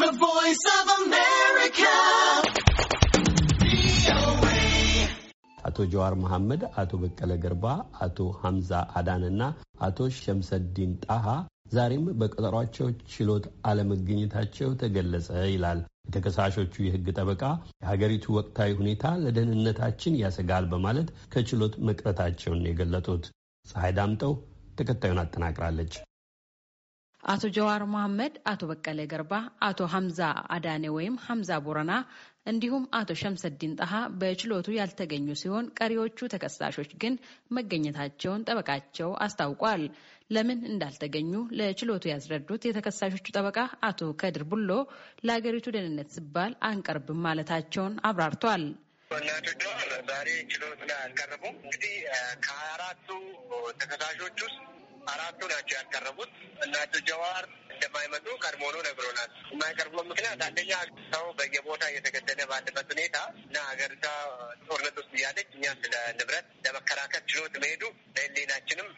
The Voice of America. አቶ ጀዋር መሐመድ፣ አቶ በቀለ ገርባ፣ አቶ ሐምዛ አዳን እና አቶ ሸምሰዲን ጣሃ ዛሬም በቀጠሯቸው ችሎት አለመገኘታቸው ተገለጸ ይላል የተከሳሾቹ የሕግ ጠበቃ። የሀገሪቱ ወቅታዊ ሁኔታ ለደህንነታችን ያሰጋል በማለት ከችሎት መቅረታቸውን የገለጡት ፀሐይ ዳምጠው ተከታዩን አጠናቅራለች። አቶ ጀዋር መሐመድ፣ አቶ በቀለ ገርባ፣ አቶ ሀምዛ አዳኔ ወይም ሀምዛ ቦረና እንዲሁም አቶ ሸምሰዲን ጣሃ በችሎቱ ያልተገኙ ሲሆን ቀሪዎቹ ተከሳሾች ግን መገኘታቸውን ጠበቃቸው አስታውቋል። ለምን እንዳልተገኙ ለችሎቱ ያስረዱት የተከሳሾቹ ጠበቃ አቶ ከድር ቡሎ ለሀገሪቱ ደህንነት ሲባል አንቀርብም ማለታቸውን አብራርቷል። ዛሬ ችሎት ላይ አልቀረቡም። እንግዲህ ከአራቱ ተከሳሾች ውስጥ አራቱ ናቸው ያልቀረቡት እና አቶ ጀዋር እንደማይመጡ ቀድሞውኑ ነግሮናል። የማይቀርቡበት ምክንያት አንደኛ ሰው በየቦታ እየተገደለ ባለበት ሁኔታ እና ሀገሪቷ ጦርነት ውስጥ እያለች እኛ ስለ ንብረት ለመከራከር ችሎት መሄዱ ለህሊናችንም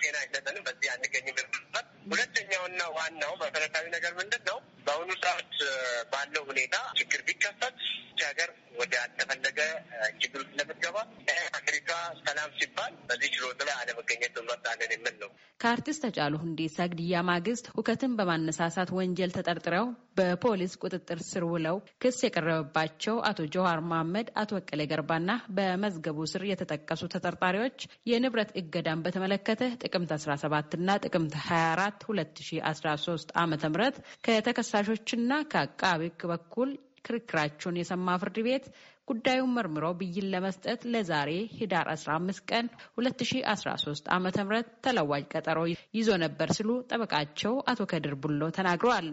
ጤና አይሰጠንም። በዚህ አንገኝም። ሁለተኛውና ዋናው መሰረታዊ ነገር ምንድን ነው? በአሁኑ ሰዓት ባለው ሁኔታ ችግር ቢከሰት ሀገር ወደ አልተፈለገ ችግር ለመ ሰላም ሲባል በዚህ ችሎት ላይ አለመገኘት እንመርጣለን የምል ነው። ከአርቲስት ሃጫሉ ሁንዴሳ ግድያ ማግስት ሁከትን በማነሳሳት ወንጀል ተጠርጥረው በፖሊስ ቁጥጥር ስር ውለው ክስ የቀረበባቸው አቶ ጀዋር መሐመድ፣ አቶ በቀለ ገርባና በመዝገቡ ስር የተጠቀሱ ተጠርጣሪዎች የንብረት እገዳን በተመለከተ ጥቅምት 17ና ጥቅምት 24 2013 ዓ ም ከተከሳሾችና ከአቃቢ ህግ በኩል ክርክራቸውን የሰማ ፍርድ ቤት ጉዳዩን መርምሮ ብይን ለመስጠት ለዛሬ ህዳር 15 ቀን 2013 ዓ ም ተለዋጅ ቀጠሮ ይዞ ነበር ሲሉ ጠበቃቸው አቶ ከድር ቡሎ ተናግረዋል።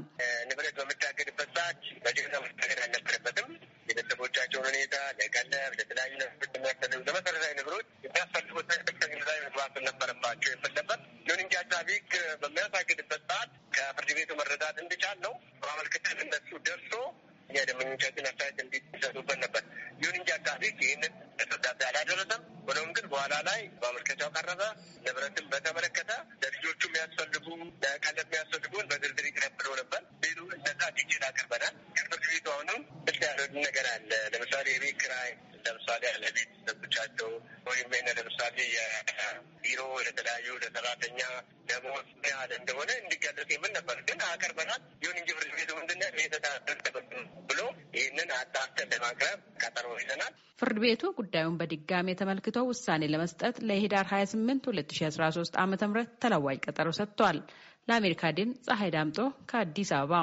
ንብረት በምታገድበት ሰዓት በጅግና መታገድ አልነበረበትም። የቤተሰቦቻቸውን ሁኔታ ለቀለብ፣ ለተለያዩ ለመሰረታዊ ነገሮች የሚያስፈልጉት ግንዛቤ መግባት ነበረባቸው የፈለበት ይሁን እንጂ አሳቢ በሚያሳግድበት ሰዓት ከፍርድ ቤቱ መረዳት እንዲቻል ነው። በአመልክተን እነሱ ደርሶ ሁለተኛ ደንበኞቻችን አስተያየት እንዲሰጡበት ነበር። ይሁን እንጂ አቃቤ ይህንን ተሰዳት አላደረሰም። ሆኖም ግን በኋላ ላይ በአመልከቻው ቀረበ። ንብረትን በተመለከተ ለልጆቹ የሚያስፈልጉ ለቀለብ የሚያስፈልጉን በዝርዝር ይቅረብ ብሎ ነበር። ቤቱ እንደዛ ዲጄል አቅርበናል። ግን ፍርድ ቤቱ አሁንም ስ ያደረግ ነገር አለ። ለምሳሌ የቤት ኪራይ ለምሳሌ ለቤት ደብቻቸው ወይም ለምሳሌ የቢሮ ለተለያዩ ለሰራተኛ ደሞዝ ያህል እንደሆነ እንዲገለጽ የምን ነበር ግን አቅርበናል። ይሁን እንጂ ፍርድ አጣፍተን በማቅረብ ቀጠሮ ይዘናል። ፍርድ ቤቱ ጉዳዩን በድጋሚ ተመልክቶ ውሳኔ ለመስጠት ለህዳር 28 2013 ዓ ም ተለዋጭ ቀጠሮ ሰጥቷል። ለአሜሪካ ድምፅ ፀሐይ ዳምጦ ከአዲስ አበባ